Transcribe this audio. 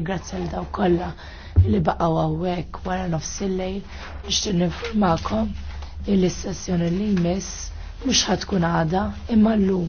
Grazie għal daw kolla li baqaw għawek wara nofsillej nishtu ninformakom il-sessjoni li jmiss mux ħatkun għada imma l-lum.